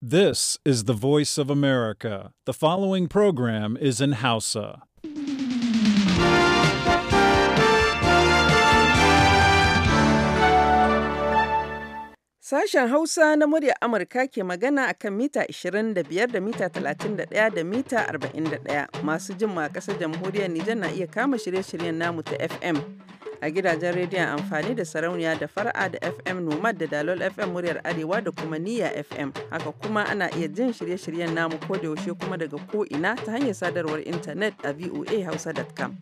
This is the voice of America. The following program is in Hausa. Sashen Hausa na murya Amurka ke magana a kan mita 25 da mita 31 da mita 41. Masu jin ma ƙasar jamhuriyar Nijar na iya kama shirye-shiryen namu ta FM. a gidajen rediyon amfani da sarauniya da fara'a da fm nomad da dalol fm muryar arewa da kuma niya fm haka kuma ana iya jin shirye-shiryen namu ko da yaushe kuma daga ko ina ta hanyar sadarwar intanet a voa hausa.com.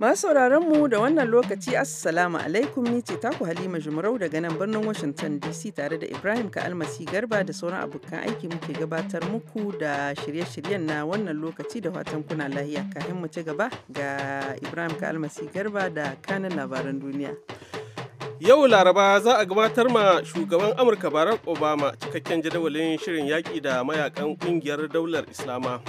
Masu sauraron mu da wannan lokaci Assalamu alaikum ni ce taku Halima Jumrau daga nan birnin Washington DC tare da Ibrahim Ka'almasi Garba da sauran abokan aiki muke gabatar muku da shirye-shiryen na wannan lokaci da fatan kuna lahiya kafin mu ci gaba ga Ibrahim Ka'almasi Garba da kanin labaran duniya. Yau Laraba za a gabatar ma shugaban Amurka Barack Obama cikakken jadawalin shirin yaƙi da mayakan ƙungiyar daular Islama.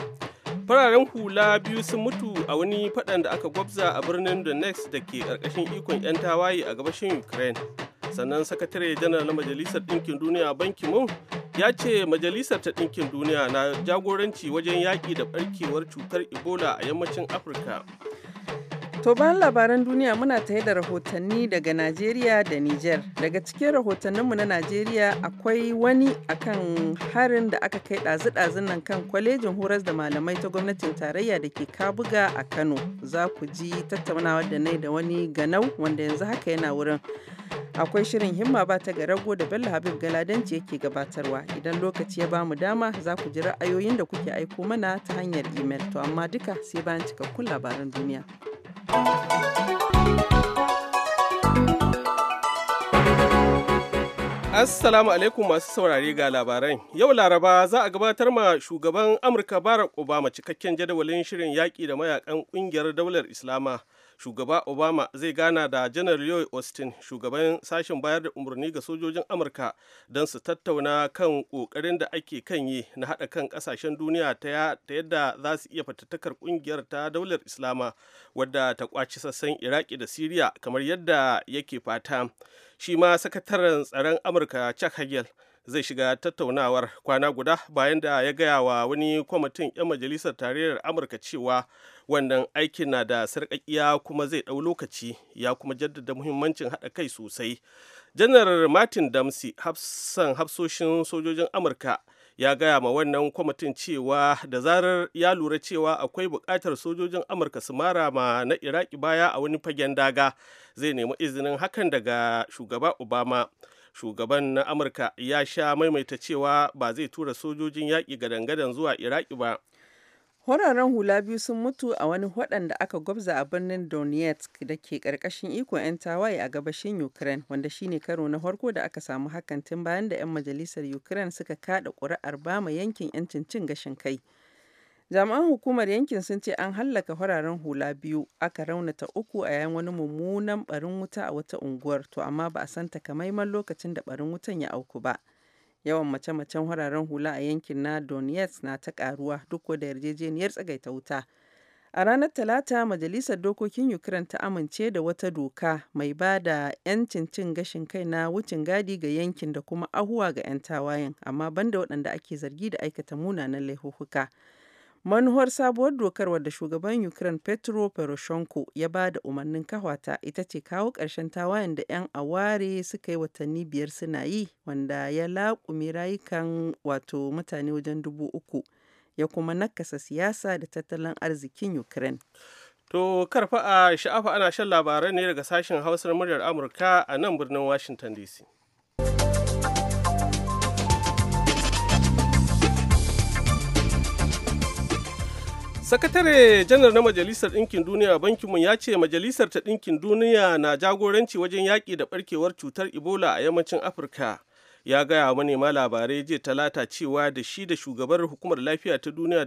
fararen hula biyu sun mutu a wani fadan da aka gwabza a birnin donetsk da ke karkashin ikon 'yan tawaye a gabashin ukraine sannan sakatare janar na majalisar ɗinkin duniya banki mun ya ce majalisar ta ɗinkin duniya na jagoranci wajen yaƙi da ɓarkewar cutar ebola a yammacin afirka To bayan labaran duniya muna tare da rahotanni daga Najeriya da Nijar. Daga cikin rahotanninmu na Najeriya akwai wani akan harin da aka kai ɗazu-ɗazun nan kan kwalejin horas da malamai ta gwamnatin tarayya da ke Kabuga a Kano. Za ku ji tattaunawar da nai da wani ganau wanda yanzu haka yana wurin. Akwai shirin himma ba ta ga rago da Bello Habib Galadanci yake gabatarwa. Idan lokaci ya bamu dama za ku ji ra'ayoyin da kuke aiko mana ta hanyar imel. To amma duka sai bayan cikakkun labaran duniya. Assalamu alaikum masu saurare ga labaran. Yau Laraba za a gabatar ma shugaban Amurka Barack Obama cikakken jadawalin shirin yaƙi da mayakan ƙungiyar daular Islama. shugaba obama zai gana da janar lloyd austin shugaban sashen bayar da umarni ga sojojin amurka don su tattauna kan kokarin da ake kan yi na haɗa kan ƙasashen duniya ta yadda za su iya fatattakar ƙungiyar ta daular islama wadda ta kwaci sassan iraki da siriya kamar yadda yake fata shi ma sakataren tsaron amurka chuck hagel zai shiga tattaunawar kwana guda bayan da ya gaya wa wani kwamitin 'yan majalisar tarayyar amurka cewa wannan aikin na da sarƙaƙiya kuma zai ɗau lokaci ya kuma jaddada muhimmancin haɗa kai sosai janar martin damsi hafsan hafsoshin sojojin amurka ya gaya ma wannan kwamitin cewa da zarar ya lura cewa akwai buƙatar sojojin amurka su mara ma na iraki baya a wani fagen daga zai nemi izinin hakan daga shugaba obama shugaban na amurka ya sha maimaita cewa ba zai tura sojojin yaƙi gadangadan zuwa iraki ba Wararen hula biyu sun mutu a wani hwadan da aka gwabza a birnin Donetsk da ke ƙarƙashin ikon 'yan tawaye a gabashin Ukraine, wanda shine karo na farko da aka samu hakan tun bayan da 'yan majalisar Ukraine suka kada ƙuri'ar bama yankin 'yancin cin gashin kai. Jami'an hukumar yankin sun ce an hallaka fararen hula biyu aka raunata uku a yayin wani mummunan barin wuta a wata unguwar to amma ba a san takamaiman lokacin da barin wutan ya auku ba. Yawan mace-macen fararen hula a yankin na Donetsk na ta karuwa duk da yarjejeniyar tsagaita wuta. A ranar Talata, Majalisar Dokokin Ukraine ta amince da wata doka mai ba da 'yancin cin gashin kai na wucin gadi ga yankin da kuma ahuwa ga 'yan tawayen, amma banda waɗanda ake zargi da aikata munanan laifuka. Manuwar sabuwar dokar wadda shugaban Ukraine Petro Poroshenko ya ba da umarnin kahwata ita ce kawo ƙarshen tawayen da 'yan aware suka yi watanni biyar suna yi wanda ya laƙumi rayukan wato mutane wajen dubu uku ya kuma nakasa siyasa da tattalin arzikin Ukraine. To karfa a sha'afa ana shan labarai ne daga sashen hausar muryar Amurka a nan birnin Washington DC. sakatare janar na majalisar ɗinkin duniya bankinmu ya ce majalisar ta ɗinkin duniya na jagoranci wajen yaƙi da ɓarkewar cutar ebola a yammacin afirka ya gaya manema labarai jiya talata cewa da shi da shugabar hukumar lafiya ta duniya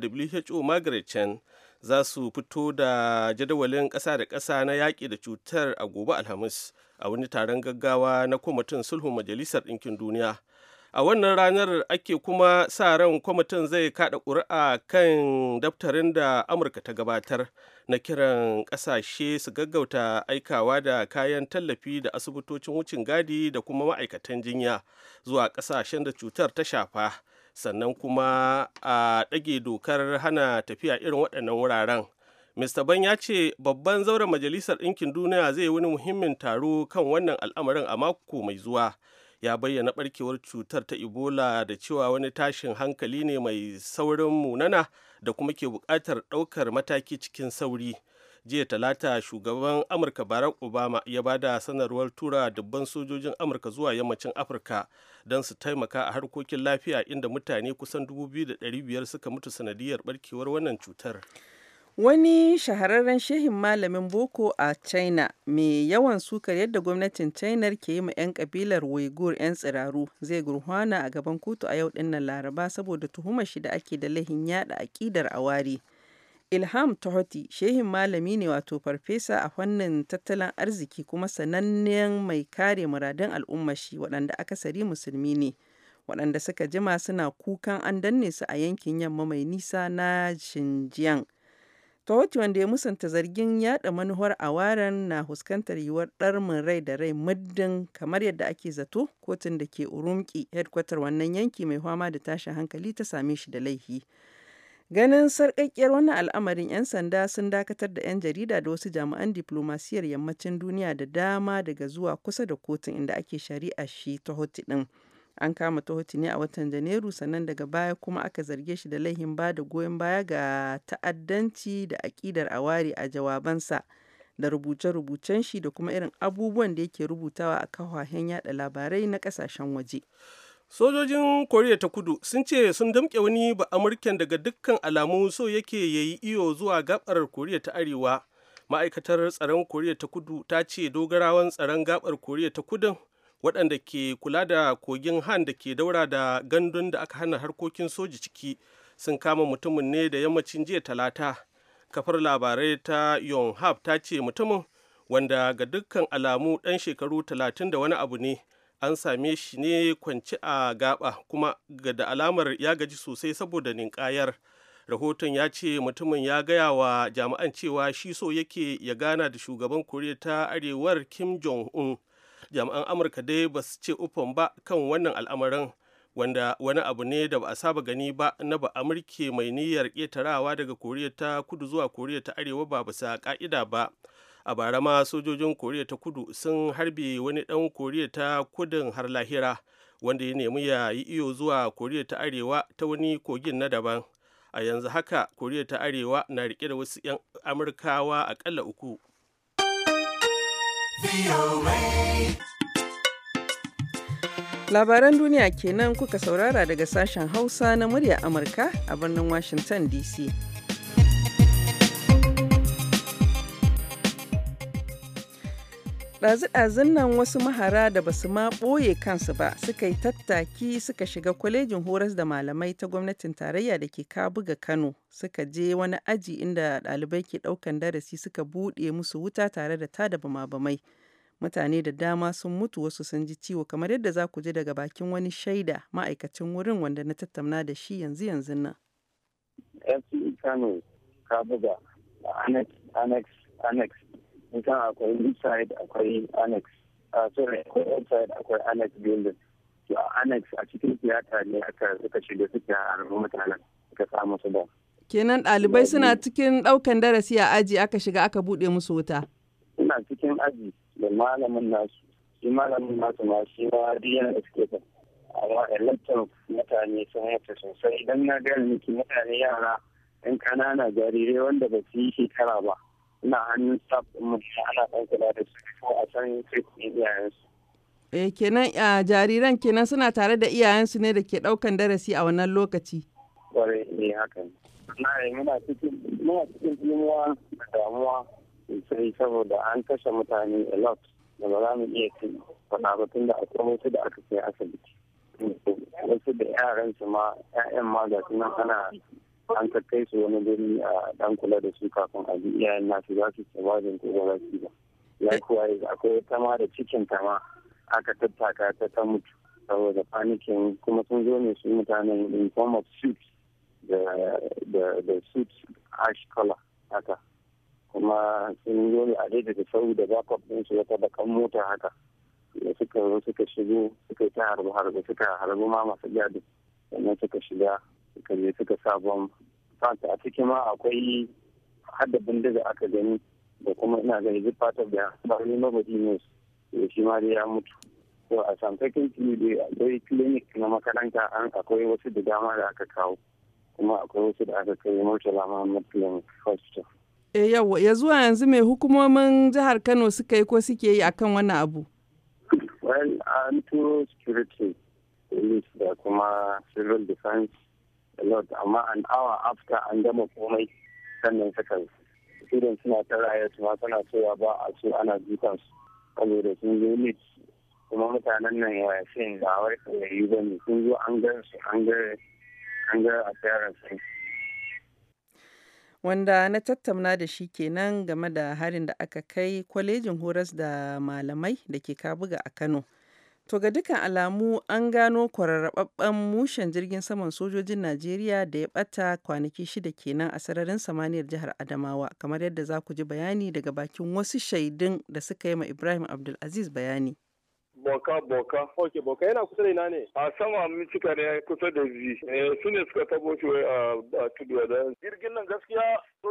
who margaret chan za su fito da jadawalin ƙasa da ƙasa na yaƙi da cutar a gobe alhamis a wani taron gaggawa na kwamitin sulhun majalisar ɗinkin duniya a wannan ranar ake kuma sa ran kwamitin zai kada ƙuri'a kan daftarin da amurka ta gabatar na kiran ƙasashe su gaggauta aikawa da kayan tallafi da asibitocin wucin gadi da kuma ma'aikatan jinya zuwa ƙasashen da cutar ta shafa sannan kuma a ɗage dokar hana tafiya irin waɗannan wuraren Mr. Ban ya ce babban zauren Majalisar Ɗinkin Duniya zai wani muhimmin taro kan wannan al'amarin a mako mai zuwa ya bayyana barkewar cutar ta ebola da cewa wani tashin hankali ne mai saurin munana da kuma ke bukatar daukar mataki cikin sauri jiya talata shugaban amurka barack obama ya ba da sanarwar tura dubban sojojin amurka zuwa yammacin afirka don su taimaka a harkokin lafiya inda mutane kusan 2,500 suka mutu sanadiyar barkewar wannan cutar Wani shahararren shehin malamin boko a China mai yawan sukar yadda gwamnatin China ke yi ma 'yan kabilar Uyghur 'yan tsiraru zai gurhwana a gaban kotu a yau dinnan Laraba saboda tuhumar shi da ake da lahin yada akidar awari. Ilham Tohoti shehin malami ne wato farfesa a fannin tattalin arziki kuma sanannen mai kare muradin al'ummar shi waɗanda akasari musulmi ne. waɗanda suka jima suna kukan an danne su a yankin yamma mai nisa na Xinjiang. Kawati wanda ya musanta zargin yada manuwar awaran na huskantar yiwuwar ɗarmin rai da rai muddin kamar yadda ake zato kotun da ke Urumqi headkwatar wannan yanki mai fama da tashin hankali ta same shi da laifi. Ganin sarƙaƙƙiyar wani al'amarin 'yan sanda sun dakatar da 'yan jarida da wasu jami'an diplomasiyar yammacin duniya da dama daga zuwa kusa da kotun inda ake shari'a shi ta hoti ɗin. An kama Tohoti ne a watan Janairu sannan daga baya kuma aka zarge shi da laihin ba da goyon baya ga ta'addanci da aƙidar aware a jawabansa da rubuce-rubucen shi da kuma irin abubuwan da yake rubutawa a kafafen yada labarai na kasashen waje. Sojojin Koriya ta Kudu sun ce sun damƙe wani ba Amurken daga dukkan alamu so yake yayi iyo zuwa gabar Koriya ta Arewa. Ma'aikatar tsaron Koriya ta Kudu ta ce dogarawan tsaron gabar Koriya ta Kudun waɗanda ke kula da kogin han da ke daura da gandun da aka hana harkokin soji ciki sun kama mutumin ne da yammacin jiya talata kafar labarai ta yonhap ta ce mutumin wanda ga dukkan alamu ɗan shekaru talatin da wani abu ne an same shi ne kwanci a gaba kuma ga da alamar ya gaji sosai saboda ninkayar rahoton ya ce mutumin ya gaya wa jami'an cewa shi so yake ya gana da shugaban koriya ta arewar kim jong-un jami'an amurka dai ba su ce ufan ba kan wannan al'amarin wanda wani abu ne da ba a saba gani ba na ba amurke mai niyyar ƙetarawa daga koriya ta kudu zuwa koriya ta arewa ba bisa ƙa'ida ba a bara ma sojojin koriya ta kudu sun harbe wani ɗan koriya ta kudin har lahira wanda ya nemi ya yi iyo zuwa koriya ta arewa ta wani kogin na daban a yanzu haka koriya ta arewa na rike da wasu 'yan amurkawa akalla uku Labaran duniya kenan kuka saurara daga sashen Hausa na murya Amurka a birnin Washington DC. ɗazi-ɗazin nan wasu mahara da basu ma ɓoye kansu ba suka yi tattaki suka shiga kwalejin horas da malamai ta gwamnatin tarayya da ke kabuga kano suka je wani aji inda ɗalibai ke ɗaukan darasi suka buɗe musu wuta tare da tada bama-bamai mutane da dama sun mutu wasu sun ji ciwo kamar yadda za ku ji daga bakin wani shaida ma'aikacin wurin wanda na tattauna da shi yanzu yanzu nan. Kano Kabuga Annex Annex Annex kusan akwai inside akwai annex A ah, sorry akwai outside akwai annex building to annex a cikin tiyata ne aka suka shiga suke a harbi mutanen suka samu su da kenan ɗalibai suna cikin ɗaukan darasi a aji aka shiga aka buɗe musu wuta suna cikin aji da malamin nasu shi malamin nasu ma shi ma diyan escape amma mutane sun mutu sosai idan na gani mutane yara yan ƙanana jarirai wanda ba su yi shekara ba na hannun staff din ana ɗan kula da su ko a san sai iyayensu. Eh kenan jariran kenan suna tare da iyayensu ne da ke ɗaukan darasi a wannan lokaci. Kwarai eh, ne haka. Na eh, muna cikin muna cikin imuwa da damuwa sai saboda an kashe mutane a lot da ba za mu iya faɗa ba tun da akwai wasu da aka kai asibiti. Wasu da yaran su ma 'ya'yan ma ga sunan ana an ka kai su wani gani a dan kula da su kafin a ji iyayen nasu za su ce ba ko ba su ba ya eh. akwai tama da cikin tama aka tattaka ta ta mutu saboda panikin kuma sun zo ne su mutanen in form of suits da suit ash color haka kuma sun zo ne a daidai da sau da backup din su wata bakan mota haka da suka zo suka shigo suka yi ta harbe harbe suka harbe ma masu gadi sannan suka shiga suka suka sabon fata a cikin ma akwai hada bindiga aka gani da kuma ina gani zai fata da bari bari knows da shi ma ya mutu to a samtakin dai akwai clinic na makaranta an akwai wasu da dama da aka kawo kuma akwai wasu da aka kai murtala na clinic hospital e eh, yawa ya zuwa yanzu mai hukumomin jihar kano suka yi ko suke yi akan wani abu well an turo security police da kuma civil defense lot amma an awa after an gama komai sannan sukan students suna ta raya su ma suna cewa ba a so ana dukan su saboda sun zo kuma mutanen nan ya shin ba wai kawai ba ne sun zo an ga su an ga an ga appearance wanda na tattauna da shi kenan game da harin da aka kai kwalejin horas da malamai da ke kabuga a kano To ga dukkan alamu an gano kwararrababben mushen jirgin saman sojojin Najeriya da ya ɓata kwanaki shida kenan a sararin samaniyar jihar Adamawa kamar yadda za ku ji bayani daga bakin wasu shaidun da suka yi ma Ibrahim Abdulaziz bayani. Boka Boka. Ok Boka yana kusa da ina ne? A sama mun cika ne kusa da Zi. Eh, su ne suka tabo shi eh, a tudu da. Jirgin nan gaskiya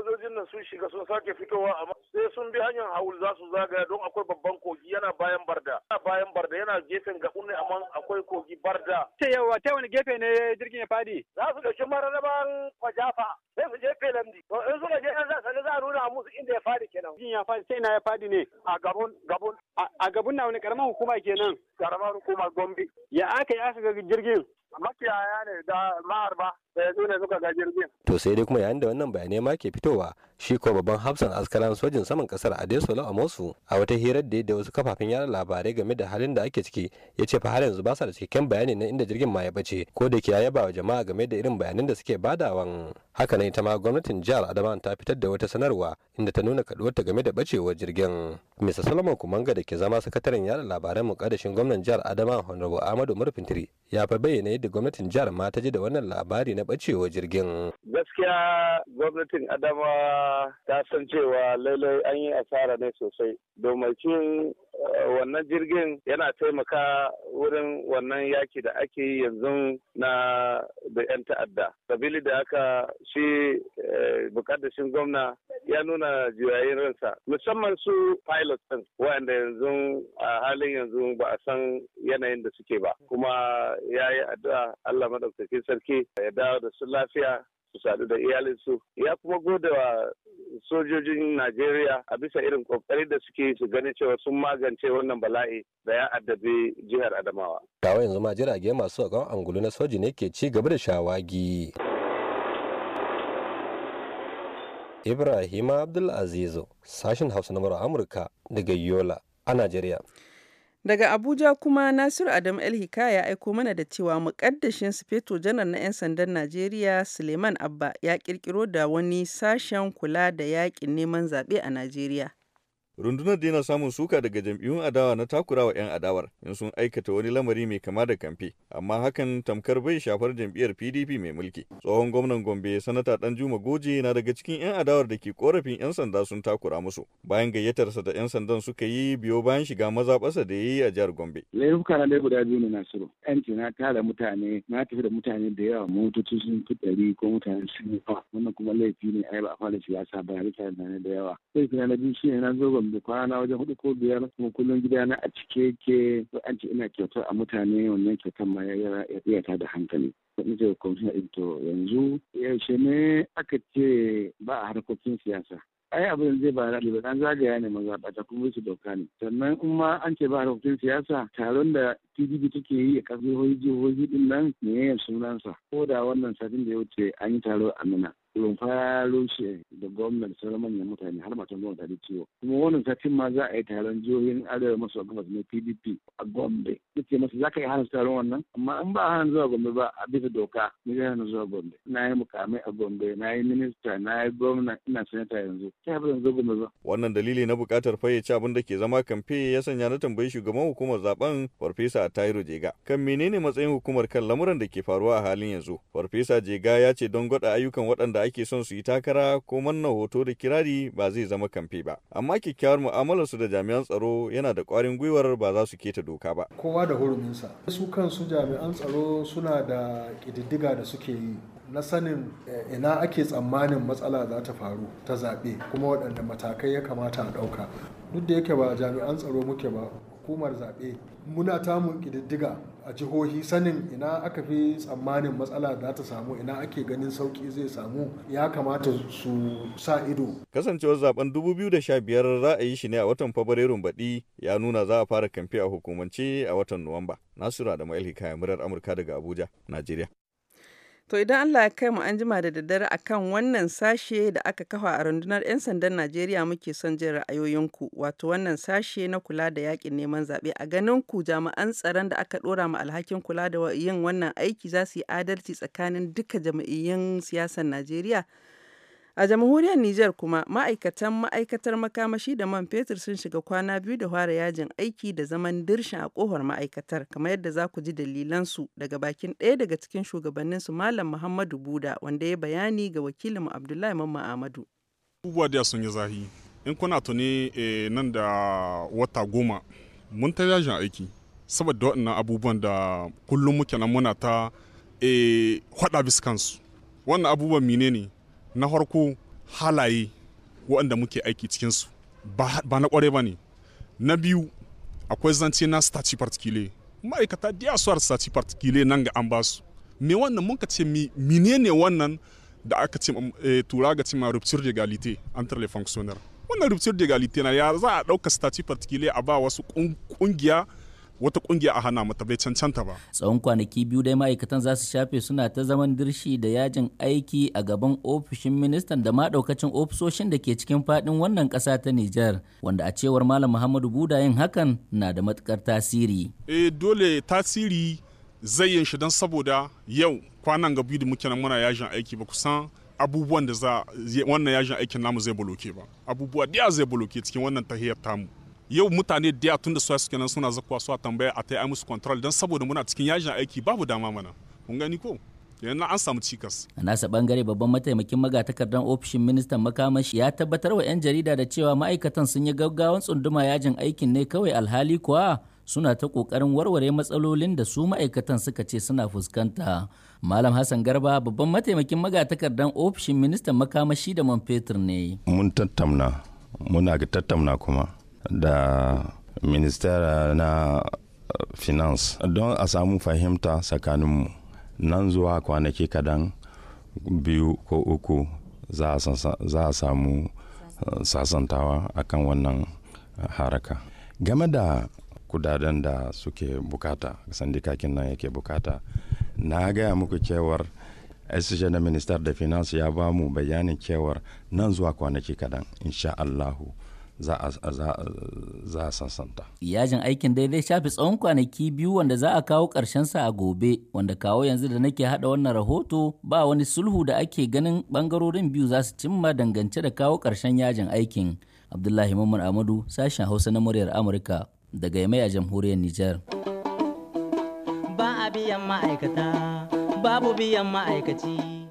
sojojin nan sun shiga sun sake fitowa amma sai sun bi hanyar haul za su zagaya don akwai babban kogi yana bayan barda yana bayan barda yana gefen gabu ne amma akwai kogi barda ce yawa ta wani gefe ne jirgin ya fadi za su dauki mararaban kwajafa sai su je felamdi to in suka je yan zasa za a nuna musu inda ya fadi kenan jirgin ya fadi sai na ya fadi ne a gabon gabon a gabon na wani karamar hukuma kenan karamar hukuma gombe ya aka yi aka ga jirgin makiyaya ne da maharba da su ne suka ga jirgin. To sai dai kuma yayin da wannan bayanai ma ke fitowa shi ko babban hafsan askaran sojin saman kasar adesola amosu a wata hirar da da wasu kafafen yada labarai game da halin da ake ciki ya ce fa har yanzu ba sa da cikakken bayani na inda jirgin ma ya bace ko da ke ya yaba wa jama'a game da irin bayanan da suke badawan haka ne ita ma gwamnatin jihar adama ta fitar da wata sanarwa inda ta nuna ta game da bacewar jirgin mr solomon kumanga da ke zama sakataren yada labaran mukaddashin gwamnan jihar adama honorable ahmadu murfintiri ya fa bayyana yadda gwamnatin jihar ma ta ji da wannan labari na bacewar jirgin gaskiya gwamnatin adama ta san cewa lailai an yi asara ne sosai domin eh, wannan jirgin yana taimaka wurin wannan yaki da ake yi yanzu na da 'yan ta'adda sabili da aka shi eh, shi gwamna ya nuna juyayin ransa musamman su pilot ɗin wanda yanzu a halin yanzu ba a san yanayin da suke ba kuma ya yi addu'a allah maɗaukakin sarki ya dawo da su lafiya su sadu da iyalinsu ya kuma gode wa sojojin Najeriya a bisa irin kokari da suke su gani cewa sun magance wannan bala'i da ya addabi jihar Adamawa. Kawo yanzu ma jirage masu akan angulu na soji ne ke ci gaba da shawagi. Ibrahim Abdulaziz, sashen Hausa na Amurka daga Yola a Najeriya. Daga Abuja kuma Nasiru Adam el ya aiko mana da cewa mukaddashin Sufeto Janar na 'yan sandan Najeriya Suleiman Abba ya kirkiro da wani sashen kula da yakin neman zaɓe a Najeriya. Rundunar dina samun suka daga jam'iyyun adawa na takurawa 'yan adawar in sun aikata wani lamari mai kama da kamfe, amma hakan tamkar bai shafar jam'iyyar PDP mai mulki. Tsohon gwamnan Gombe sanata Danjuma Goje na daga cikin 'yan adawar da ke korafin 'yan sanda sun takura musu bayan gayyatarsa da 'yan sandan suka yi biyo bayan shiga maza basa da ya yi a jihar Gombe. Laifuka na guda biyu ne Nasiru. Yanci na tara mutane, na tafi da mutane da yawa motoci sun fi ɗari ko mutane sun yi Wannan kuma laifi ne yi ba a fara siyasa ba, mutane da yawa. Laifi na biyu shi ne na zo kwana wajen hudu ko biyar kuma kullum gidana a cike yake an ce ina kyauta a mutane wannan kyautar ma ya iya ta da hankali kuɗin ce kwamishina to yanzu yaushe ne aka ce ba a harkokin siyasa ai abin zai ba da ba dan zagaya ne maza ta kuma su doka ne sannan in ma an ce ba harkokin siyasa taron da pdp take yi a ƙasar jihohi din nan ne sunansa ko da wannan satin da ya wuce an yi taro a mina rumfa rushe da gwamnan sauran ya mutane har matan zuwa ta ciwo kuma wannan satin ma za a yi taron jihohin arewa maso gabas na pdp a gombe ce masa za ka yi hana taron wannan amma in ba hana zuwa gombe ba a bisa doka ni zai hana zuwa gombe na yi mukamai a gombe na yi minista na yi gwamna ina sanata yanzu ta ba zo gombe ba. wannan dalili na buƙatar fayyace abin da ke zama kamfe ya sanya na tambayi shugaban hukumar zaben farfesa tairo jega kan menene matsayin hukumar kan lamuran da ke faruwa a halin yanzu farfesa jega ya ce don gwada ayyukan waɗanda ake son su yi takara ko manna hoto da kirari ba zai zama kamfe ba amma kyakkyawar mu'amalar su da jami'an tsaro yana da kwarin gwiwar ba za su keta doka ba kowa da huruminsa su kansu jami'an tsaro suna da ƙididdiga da suke yi na sanin eh, ina ake tsammanin matsala za ta faru ta zaɓe kuma waɗanda matakai ya kamata a ɗauka duk da yake ba jami'an tsaro muke ba hukumar zaɓe muna tamun ƙididdiga a jihohi sanin ina aka fi tsammanin matsala za ta samu ina ake ganin sauki zai samu ya kamata su sa ido. Kasancewar zaben 2015 za a yi shi ne a watan Fabrairun baɗi ya nuna za a fara kamfe a hukumance a watan Nuwamba. nasiru da Ma'il kayan murar Amurka daga Abuja, Najeriya. To idan Allah ya kai mu an jima da daddare akan wannan sashe da aka kafa a rundunar 'yan sandan Najeriya muke son jin ra'ayoyinku wato wannan sashe na kula da yakin neman zaɓe a ganin ku jami'an tsaron da aka ɗora ma alhakin kula da yin wannan aiki za su yi adalci tsakanin duka jam'iyyun siyasar Najeriya. A jamhuriyar Nijar kuma, ma'aikatan ma'aikatar makamashi da man fetur sun shiga kwana biyu da fara yajin aiki da zaman dirshin a kofar ma'aikatar, kamar yadda za ku ji dalilansu daga bakin ɗaya daga cikin shugabannin su Malam Muhammadu Buda, wanda ya bayani ga wakilin Abdullahi Mamma Ahmadu. Abubuwa da sun yi zahi. In kuna tuni eh, nan da wata goma, mun ta yajin aiki. Saboda waɗannan abubuwan da kullum muke nan muna ta e, eh, biskansu. Wannan abubuwan mine ne? na farko halaye waɗanda muke aiki cikinsu ba na ƙware ba ne na biyu akwai zance na stati partikile ma'aikata diya suwar stati partikile nan ga an basu me wannan mun ka ce mine ne wannan da aka ce eh, tura ga cima rupture d'égalité entre les fonctionnaires wannan rupture d'égalité na ya za a ɗauka stati partikile a ba wasu ƙungiya wata kungiya a hana mata bai cancanta ba tsawon kwanaki biyu dai ma'aikatan za su shafe suna ta zaman dirshi da yajin aiki a gaban ofishin ministan da ma daukacin ofisoshin da ke cikin fadin wannan kasa ta Nijar wanda a cewar malam Muhammadu Buda yin hakan na da matukar tasiri e dole tasiri zai yin shi don saboda yau kwanan ga biyu da muke nan muna yajin aiki ba kusan abubuwan da za wannan yajin aikin namu zai boloke ba abubuwa da zai boloke cikin wannan tahiyar tamu yau mutane da ya tun da suwa suke nan suna zakuwa suwa tambaya a ta yi musu control don saboda muna cikin yajin aiki babu dama mana kun gani ko yanzu an samu cikas a nasa bangare babban mataimakin magatakardan ofishin ministan makamashi ya tabbatar wa 'yan jarida da cewa ma'aikatan sun yi gaggawan tsunduma yajin aikin ne kawai alhali kuwa suna ta kokarin warware matsalolin da su ma'aikatan suka ce suna fuskanta malam hassan garba babban mataimakin magatakardan ofishin ministan makamashi da man fetur ne mun tattamna muna ga tattamna kuma da ministera na eh, finance don a samu fahimta tsakaninmu nan zuwa kwanaki kadan biyu ko uku za a samu eh, sasantawa a kan wannan eh, haraka game da kudaden da suke bukata sandikakin nan yake bukata na gaya muku cewar SSH na ministar da finance ya ba mu bayanin cewar nan zuwa kwanaki kadan insha Allahu za a sassanta. Yajin aikin daidai shafi tsawon kwanaki biyu wanda za a kawo sa a gobe wanda kawo yanzu da nake haɗa wannan rahoto ba wani sulhu da ake ganin bangarorin biyu za su cimma dangance da kawo ƙarshen yajin aikin. Abdullahi Mamman Amadu sashen Hausa na muryar Amurka daga Yamai a jamhuriyar Nijar. Ba a biyan ma'aikata, babu biyan ma'aikaci.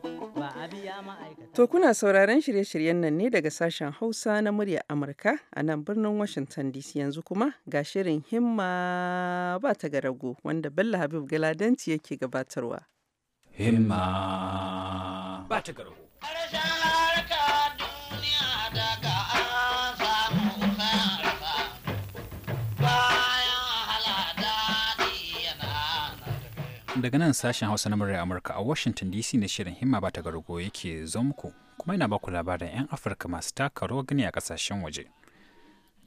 To kuna sauraron shirye-shiryen nan ne daga sashen Hausa na muryar Amurka a nan birnin Washington DC yanzu kuma ga shirin himma ba ta garago wanda Bello Habib Galadanci yake gabatarwa. Himma ba ta garago. daga nan sashen hausa na murya amurka a washington dc na shirin himma ba ta gargo yake zo muku kuma yana baku labarin 'yan afirka masu taka rawar gani a kasashen waje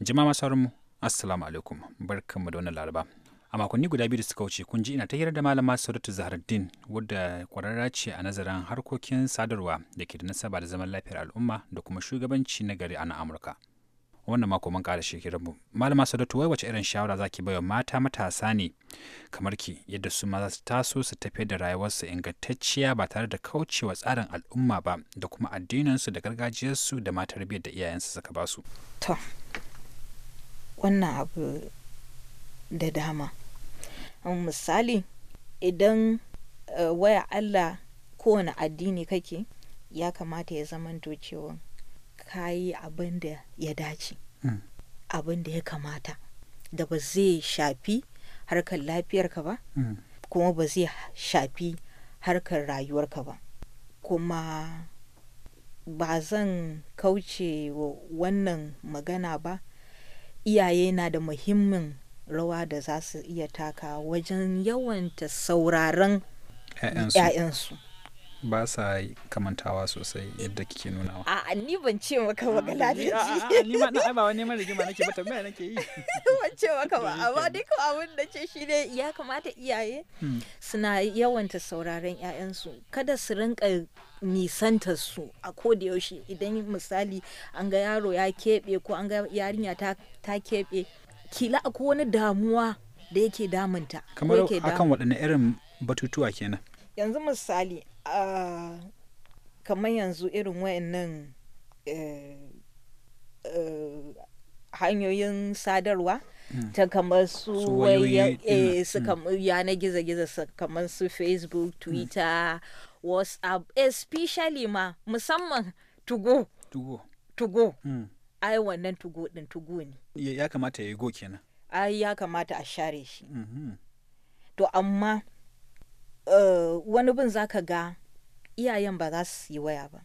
jima masu mu assalamu alaikum barkanmu da wannan laraba a makonni guda biyu da suka wuce kun ji ina ta hira da malama saudatu zahardin wadda kwararra ce a nazarin harkokin sadarwa da ke da nasaba da zaman lafiyar al'umma da kuma shugabanci na gari a na amurka wannan mako mun ƙara mu malama sadatu wai wace irin shawara zaki baiwa mata matasa ne kamar ki yadda su ma za su taso su tafi da rayuwarsu ingantacciya ba tare da kaucewa tsarin al'umma ba da kuma addininsu da gargajiyarsu da matar biyar da iyayensu suka ba su to wannan abu da dama misali idan eh, waya Allah kowane addini kake ya kamata ya zama cewa ka yi abin da ya dace mm. abin da ya kamata da ba zai shafi harkar lafiyarka ba mm. kuma ba zai shafi harkar rayuwarka ba kuma ba zan kauce wa wannan magana ba iyaye na da muhimmin rawa da za su iya taka wajen yawanta sauraron 'ya'yansu ba sa kamantawa sosai yadda kike nunawa a ni ban ce maka ba ah, galaji ah, ni ma ai ba wani mai rigima nake ba tambaya nake yi ban ce maka ba amma duk abin da ce shi ne ya kamata iyaye hmm. suna yawanta sauraron ƴaƴansu kada su rinka nisanta su a koda yaushe idan misali an ga yaro ya keɓe ko an ga yarinya ta keɓe kila akwai wani damuwa da yake damunta kamar akan waɗanne irin batutuwa kenan yanzu misali kamar yanzu irin wayannan eh, eh, hanyoyin sadarwa hmm. ta kamar su eh, hmm. yanar gizo-gizo kamar su facebook hmm. twitter whatsapp especially ma musamman tugo tugo ai wannan tugo din tugo ne ya kamata ya yi go kenan ai ya kamata a share shi to amma Eh, wani bin za ka ga iyayen ba za su yi waya ba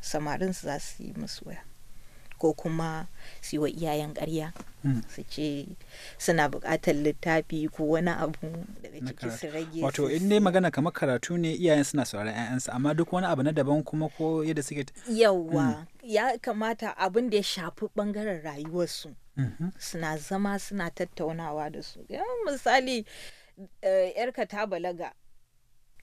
samarin su za su yi musu waya ko kuma su yi wa iyayen karya hmm. su ce suna buƙatar littafi ko wani abu daga ciki su rage wato in ne magana kamar karatu ne iyayen suna sauraron 'ya'yansu amma duk wani abu na daban kuma ko yadda suke yawa hmm. ya kamata abin da ya shafi bangaren rayuwarsu mm-hmm. suna zama suna tattaunawa da su misali yarka eh, ta balaga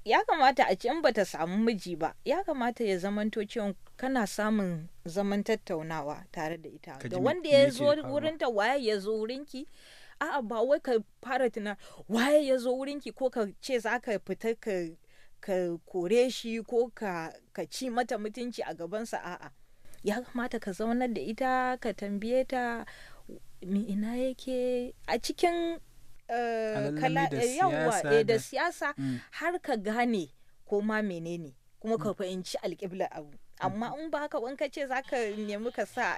ya kamata a ce in bata samu miji ba ya kamata ya zamanto cewa kana samun zaman tattaunawa tare da ita da wanda ya zo wurinta waye ya zo wurin ki a'a ba wai ka fara tuna waye ya zo wurin ki ko ka ce za ka fita ka ka kore shi ko ka ka ci mata mutunci a gabansa a'a ya kamata ka zaunar da ita ka tambaye ta me ina yake a cikin Eh, eh, yawa eh, da siyasa mm. har ka gane ko ma menene kuma ka mm. fahimci alƙiblar abu mm. amma in ba haka wanka ce za ka nemi ka sa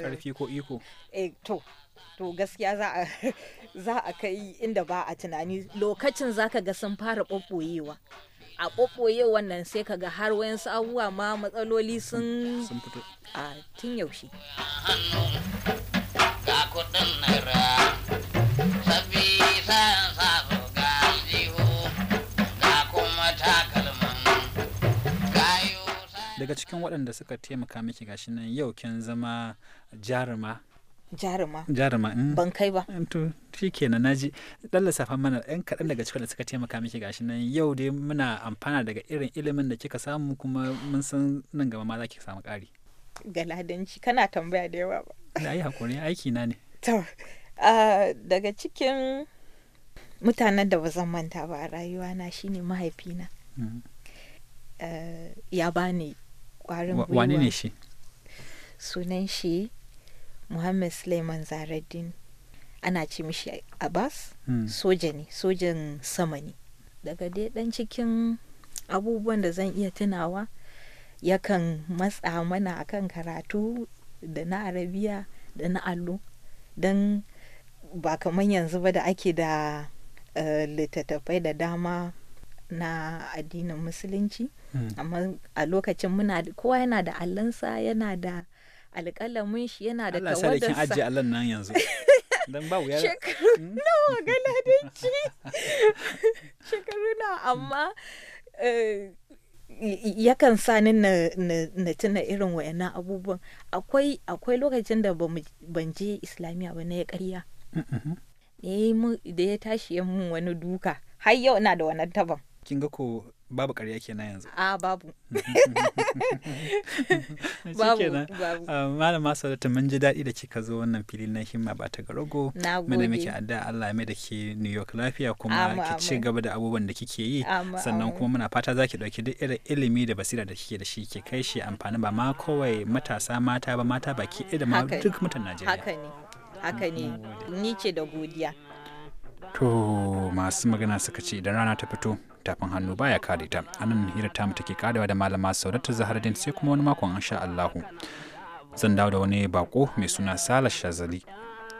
ƙarfi ko iko to to gaskiya za a kai inda ba a tunani lokacin za ka ga sun fara ɓoɓɓoyewa a ɓoɓɓoye wannan sai ka ga har wayan abubuwa ma matsaloli sun fito a tun yaushe daga cikin waɗanda suka taimaka miki gashi nan yau kin zama jaruma jaruma jaruma mm. ban kai ba mm, to shi kenan naji dan lissafan mana ɗan kaɗan daga cikin da suka taimaka miki gashi nan yau dai muna amfana daga irin ilimin da kika samu kuma mun san nan gaba ma za ki samu ƙari galadanci kana tambaya da yawa ba na yi hakuri aiki na ne to daga cikin mutanen da ba zan manta ba a rayuwa na shine mahaifina mm. uh, ya bani kwarin gwiwa wani ne shi sunan shi muhammad suleiman zaraddin ana ce mishi abbas hmm. soja ne sojan sama ne daga dai dan cikin abubuwan da zan iya tunawa yakan matsa mana akan karatu da na arabiya da na allo don ba kamar yanzu ba da ake da eh, littattafai da dama na addinin musulunci hmm. amma a lokacin muna kowa yana da allansa yana da alƙalamin shi yana da tawadarsa Allah sarkin ajiye allan nan yanzu dan ba wuya shekaru hmm? nawa galadanci shekaru nawa amma eh, yakan sa ni na tuna irin wayannan abubuwan akwai akwai lokacin da ban je islamiya ba na ya karya da ya tashi ya mun wani duka har yau na da wannan taban kin ga ko babu ƙarya kenan yanzu a babu babu ah, malama sadata mun ji daɗi da kika zo wannan fili na himma ba ta garogo mana muke adda Allah mai da ke New York lafiya kuma ki ci gaba da abubuwan da kike yi sannan kuma muna fata za ki ɗauki duk irin ilimi da basira da kike da shi ke kai shi amfani ba ma kawai matasa mata ba mata baki ɗaya da ma duk mutan Najeriya haka ne haka ne ni ce da godiya to masu magana suka ce idan rana ta fito littafin hannu baya kare ta anan hira ta mu take karewa da malama zahar din sai kuma wani makon sha allahu zan dawo da wani bako mai suna sala shazali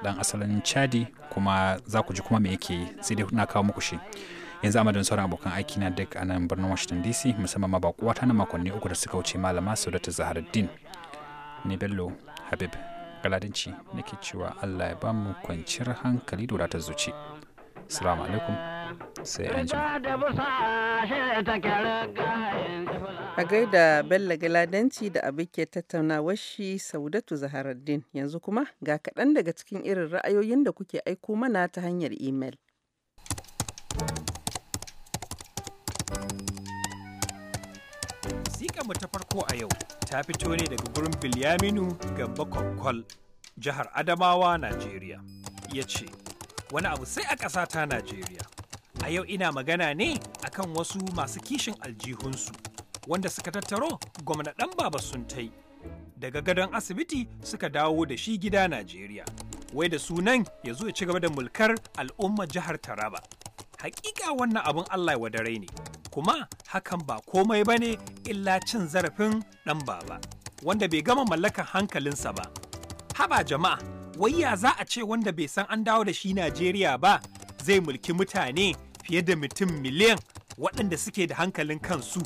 dan asalin chadi kuma za ku ji kuma me yake yi sai dai na kawo muku shi yanzu a madadin sauran abokan aiki na duk a nan birnin washington dc musamman ma bakuwa ta na makonni uku da suka wuce malama zahar zaharuddin ne bello habib galadinci nake cewa allah ya ba mu kwanciyar hankali da wadatar zuci salamu alaikum da a gaida bello galadanci da abike tattaunawar shi saudatu zaharaddin yanzu kuma ga kaɗan daga cikin irin ra'ayoyin da kuke aiko mana ta hanyar imel mu ta farko a yau ta fito ne daga gurin Bilyaminu ga Kokkol, jihar Adamawa, Najeriya. Ya ce, wani abu sai a ƙasa ta Najeriya. A yau ina magana ne akan wasu masu kishin aljihunsu wanda suka tattaro gwamna ɗan baba sun tai. Daga gadon asibiti suka dawo da shi gida Najeriya. Wai da sunan ya zo ya ci gaba da mulkar al'ummar jihar Taraba. Hakika wannan abun Allah wadarai ne, kuma hakan ba komai ba ne illa cin zarafin ɗan baba, wanda bai gama mallakan hankalinsa ba. Haba jama'a, wai ya za a ce wanda bai san an dawo da shi Najeriya ba zai mulki mutane fiye da mutum miliyan waɗanda suke da hankalin kansu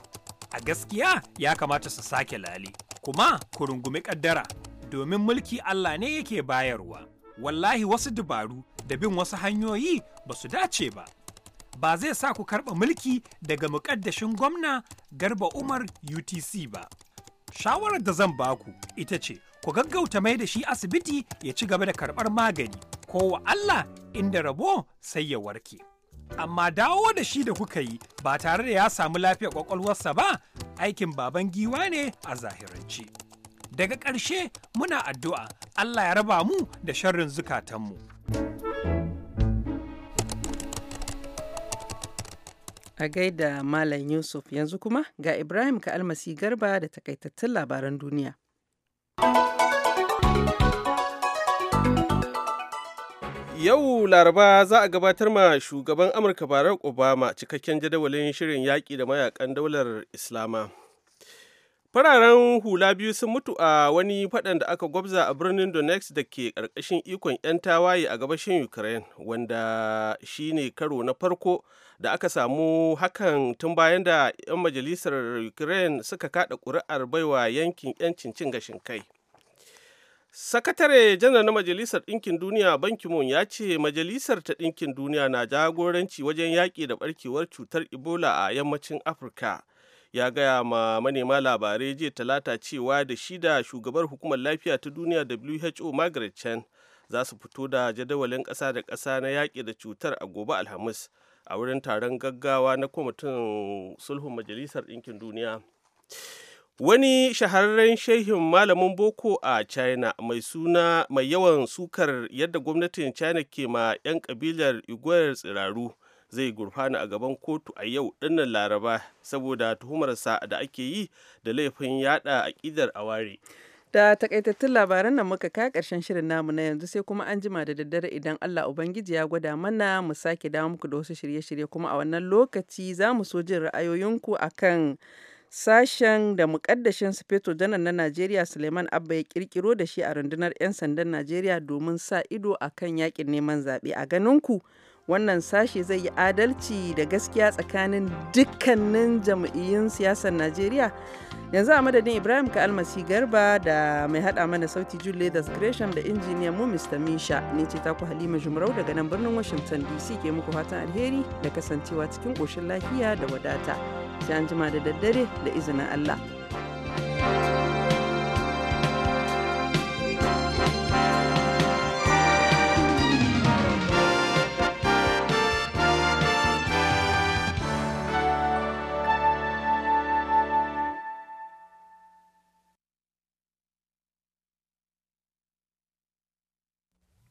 a gaskiya ya kamata su sake lali. kuma ku rungumi ƙaddara domin mulki Allah ne yake bayarwa wallahi wasu dabaru da bin wasu hanyoyi ba su dace ba ba zai sa ku karɓa mulki daga muƙaddashin gwamna garba umar utc ba shawarar da zan baku ita ce ku gaggauta mai da shi asibiti ya ci gaba da karɓar magani ko wa Allah inda rabo sai ya warke. Amma dawo da shi da kuka yi ba tare da ya samu lafiyar kwakwalwarsa ba aikin baban giwa ne a zahirance. Daga ƙarshe muna addu'a Allah ya raba mu da sharrin zukatanmu. A gaida Malam Yusuf yanzu kuma ga Ibrahim ka almasi Garba da takaitattun labaran duniya. Yau Laraba za a gabatar ma shugaban Amurka Barack Obama cikakken jadawalin shirin yaƙi da mayakan daular Islama. Fararen hula biyu sun mutu a wani faɗan da aka gwabza a birnin Donetsk da ke ƙarƙashin ikon 'yan tawaye a gabashin Ukraine, wanda shi ne karo na farko da aka samu hakan tun bayan da 'yan majalisar Ukraine suka kaɗa ƙuri'ar baiwa yankin 'yancin cin gashin kai. Sakatare janar na Majalisar Ɗinkin Duniya Ban Kimon ya ce Majalisar ta Ɗinkin Duniya na jagoranci wajen yaƙi da ɓarkewar cutar Ebola a yammacin Afirka. Ya gaya ma manema labarai jiya talata cewa da shida shugabar hukumar lafiya ta duniya WHO Margaret Chan za su fito da jadawalin ƙasa da ƙasa na yaƙi da cutar a gobe Alhamis a wurin taron gaggawa na kwamitin sulhun Majalisar Ɗinkin Duniya. Wani shahararren shehin malamin boko a China mai suna mai yawan sukar yadda gwamnatin China ke ma 'yan kabilar Igwayar tsiraru zai gurfana a gaban kotu a yau dinnan Laraba saboda tuhumarsa da ake yi da laifin yada aƙidar aware. Da takaitattun labaran nan muka kai karshen shirin namu na yanzu sai kuma an jima da daddare idan Allah Ubangiji ya gwada mana mu sake dawo muku da wasu shirye-shirye kuma a wannan lokaci za mu so jin ra'ayoyinku akan Sashen da mukaddashin Sufeto Janar na Najeriya Suleiman Abba ya kirkiro da shi a rundunar 'yan sandan Najeriya domin sa ido a kan yakin neman zaɓe. A ganinku ku wannan sashe zai yi adalci da gaskiya tsakanin dukkanin jam'iyyun siyasar najeriya yanzu a madadin ibrahim ka almasi garba da mai hada mana sauti jule da gresham da injiniyan mu mr misha ne ce taku halima jumrau daga nan birnin washington dc ke muku fatan alheri da kasancewa cikin koshin lafiya da wadata sai an jima da daddare da izinin allah